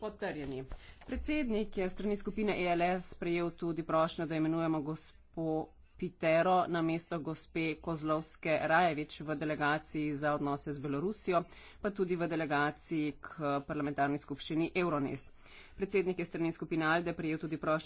Potrjeni. Predsednik je strani skupine ELS sprejel tudi prošnjo, da imenujemo gospo Pitero na mesto gospe Kozlovske Rajevič v delegaciji za odnose z Belorusijo, pa tudi v delegaciji k parlamentarni skupščini Euronest. Predsednik je strani skupine Alde prijel tudi prošnjo.